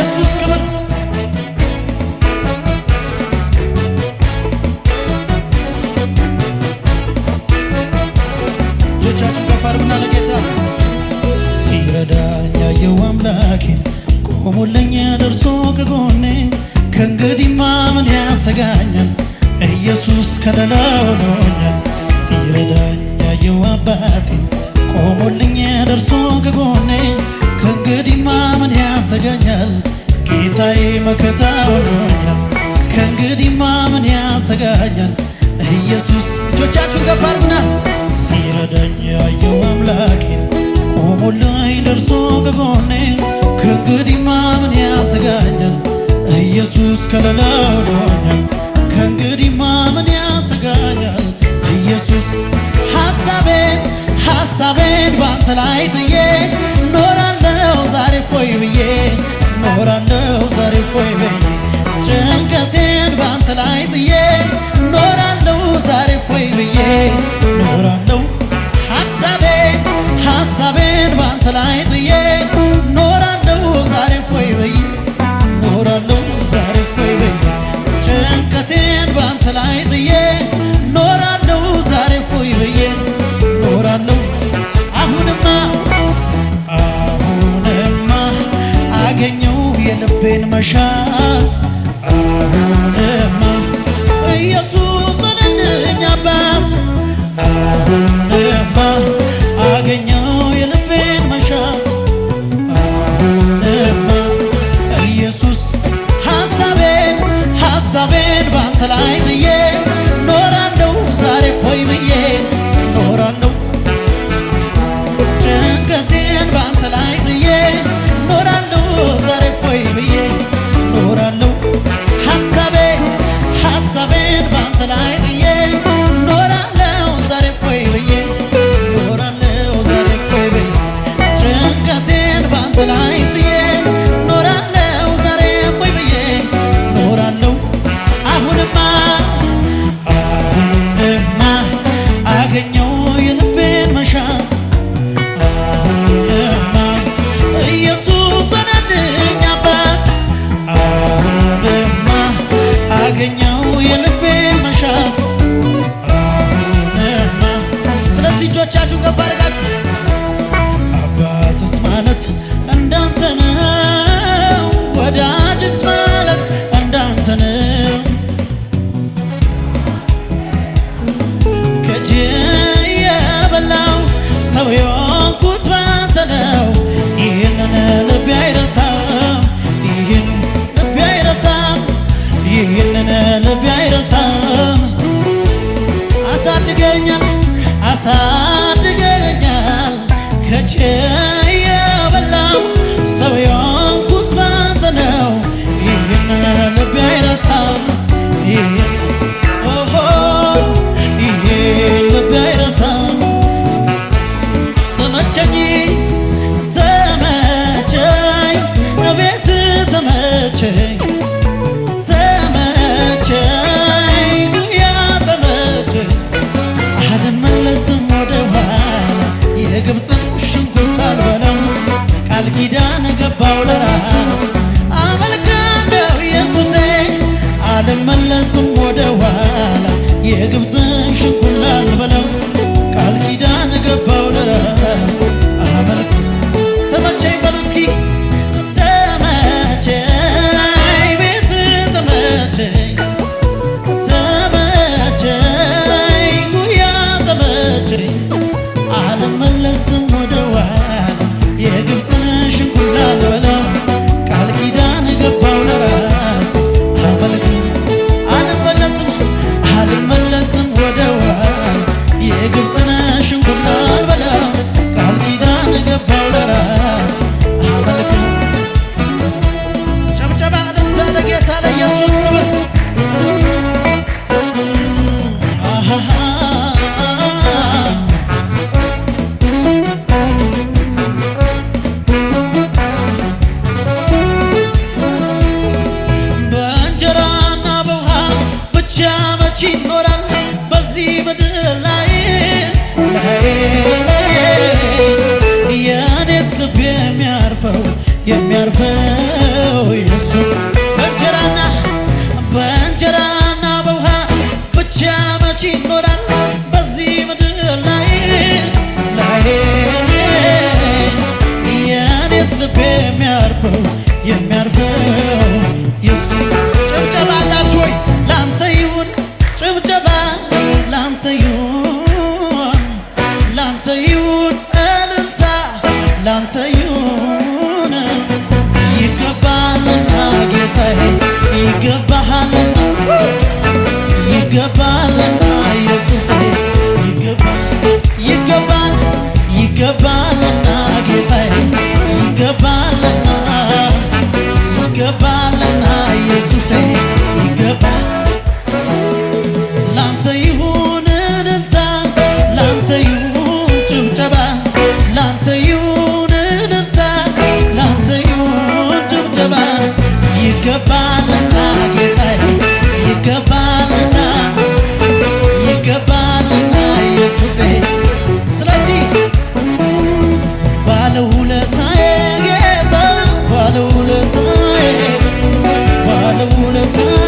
ኢየሱስ ክብር እጆቻችሁ ከፍ አድርጉና ለጌታ ቆሞለኛ ደርሶ ከጎኔ ከእንግዲህማ ምን ያሰጋኛል? ኢየሱስ ከለላ ሆኖኛል። ሲረዳኝ ያየው አባቴን ቆሞለኛ ደርሶ መከታው ነው ከእንግዲህማ ምን ያሰጋኛል? ኢየሱስ እጆቻችሁን ከፍ አድርጉና ሲረዳኝ ያየው አምላኬ ቆሞልኝ ደርሶ ከጎኔ ከእንግዲህማ ምን ያሰጋኛል? ኢየሱስ ከለላው ሆኖኛል። ከእንግዲህማ ምን ያሰጋኛል? ኢየሱስ ሐሳቤን ሐሳቤን ባንተ ላይ ጥዬ ኖራለው ዛሬ ፎይ ብዬ ኖራለው ዛሬ መሬት ላይ ጥዬ ኖራለው ዛሬ ፎይ ብዬ ኖራለው ሀሳቤ ሀሳቤን ባንተ ላይ ጥዬ Hora the boat ላንተ ይሁን ላንተ ይሁን እልልታ ላንተ to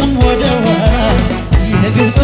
ኢየሱስም ወደ ኋላ የግብፅ